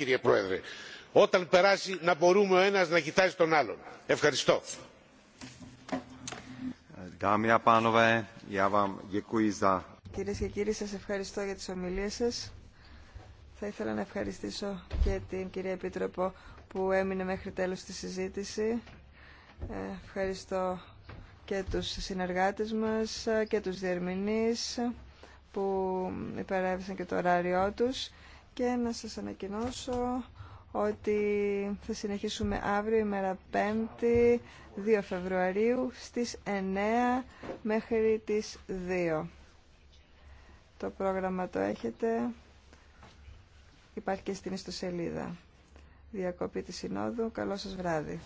κύριε πρόεδρε όταν περάσει να μπορούμε ο ένας να κοιτάζει τον άλλον. ευχαριστώ. Κυρίε και κύριοι, σας ευχαριστώ για τις ομιλίες σας. Θα ήθελα να ευχαριστήσω και την κυρία Επίτροπο που έμεινε μέχρι τέλος τη συζήτηση. Ε, ευχαριστώ και τους συνεργάτες μας ε, και τους διερμηνείς που υπερέβησαν και το ωράριό τους και να σας ανακοινώσω ότι θα συνεχίσουμε αύριο ημέρα 5η 2 Φεβρουαρίου στις 9 μέχρι τις 2. Το πρόγραμμα το έχετε. Υπάρχει και στην ιστοσελίδα. Διακοπή της Συνόδου. Καλό σας βράδυ.